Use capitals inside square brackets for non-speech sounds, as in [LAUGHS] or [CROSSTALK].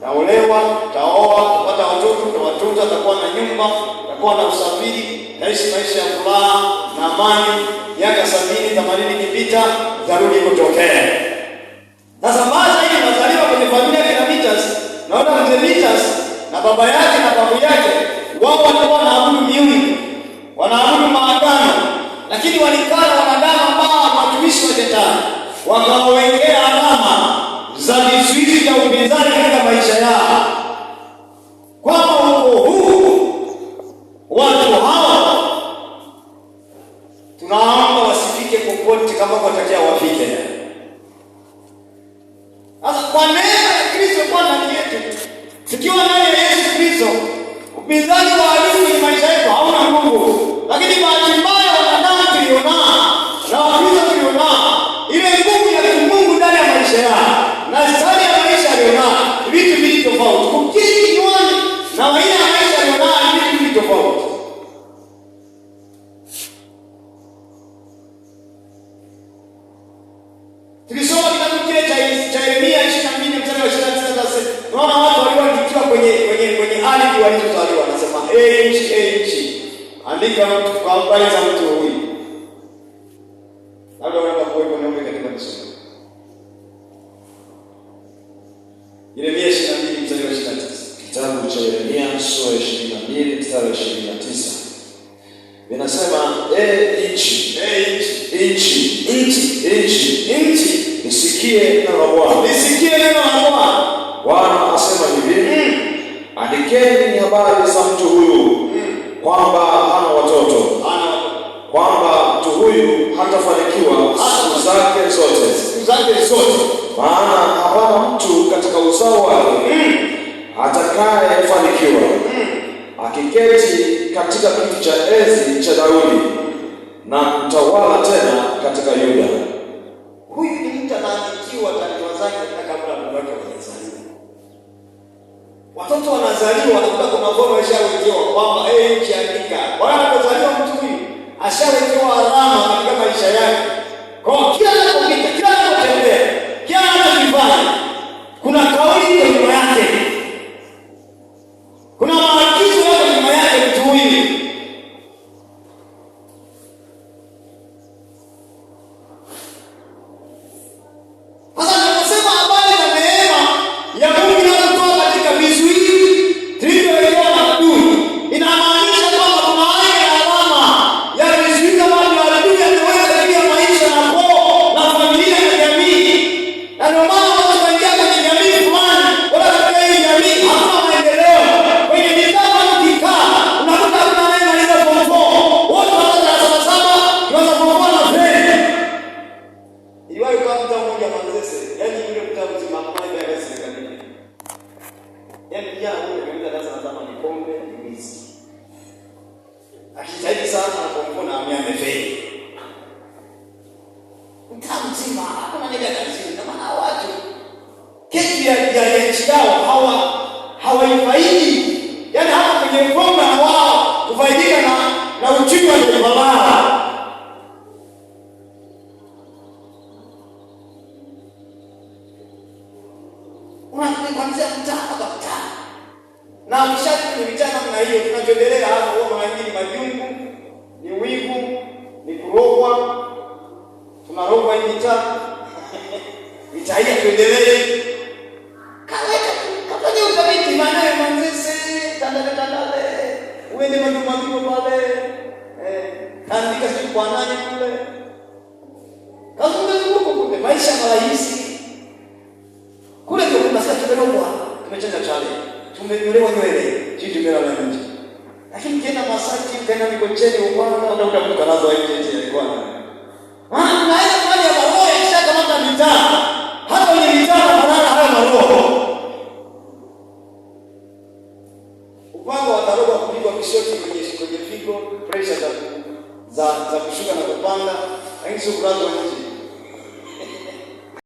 taolewa, taoa, pata watoto, tawatunza, takuwa na nyumba, takuwa na usafiri, naishi maisha ya furaha na amani. Miaka sabini themanini ikipita tarudi kutokea. Na sambaza hili nazaliwa kwenye familia kina Vitas, naona mzee Vitas na baba yake na babu yake wao walikuwa wanaabudu miungu, wanaabudu maagano, lakini walikana wanadamu ambao watumishi wa Shetani, wakawawekea alama za vizuizi vya upinzani pointi kama watakia wafike. Sasa kwa neema ya Kristo kwa Bwana yetu, tukiwa ndani ya Yesu Kristo, upinzani wa adui ni maisha yetu hauna nguvu, lakini bahati mbaya Tukisoma kitabu kile cha Yeremia 22 mstari wa 29 nasema, unaona watu walioandikiwa kwenye kwenye kwenye ardhi walizozaliwa wanasema, "Ee nchi, ee nchi, andika mtu kwa habari za mtu huyu." Labda unaenda kuweka neno katika kusoma. Yeremia 22 mstari wa 29. Kitabu cha Yeremia sura 22 mstari wa 29. Ninasema e eh, nchi, e nchi, nchi, nisikie neno la Bwana, nisikie neno la Bwana. Bwana asema hivi, mm. andikeni habari za mtu huyu mm. kwamba hana watoto, kwamba mtu huyu hatafanikiwa siku zake zote, siku zake zote, maana hapana mtu katika uzao wake mm. atakayefanikiwa fanikiwa akiketi katika kiti cha enzi cha Daudi na mtawala tena katika Yuda. Huyu ni mtu anaandikiwa taarifa zake hata kabla mume wake hajazaliwa. Watoto wanazaliwa, wanakuta kwa magoro yashawekewa kwamba eh, Bwana imefeli mzima, hakuna nega na maana watu keki ya ya nchi yao hawa hawaifaidi, yaani kwenye na wao kufaidika na na uchumi wa na kwenye hiyo tunachoendelea hapo, huwa mara nyingi majungu kurogwa, tunarogwa hii vita vita [LAUGHS] tuendelee. Kaleta kafanya utafiti, maana ya manzese tandakatandale uende majumavivo pale kaandika eh, sijui kwa nani kule kazungazunguko kule, maisha marahisi kule, ndio kunasika tumerogwa, tumechanja chale, tumenyolewa nywele, sijui tumelala nje lakini ukienda Masaki, ukaenda Mikocheni, Ubwana, hata utakuta nazo nje nje ya Bwana. naenda mahali ya roho ikishakamata mitaa. Hata kwenye mitaa kulala haya maroho. Upanga wataroba kupigwa kishoti kwenye kwenye pigo, pressure za za kushuka na kupanda, lakini sio kwa nje.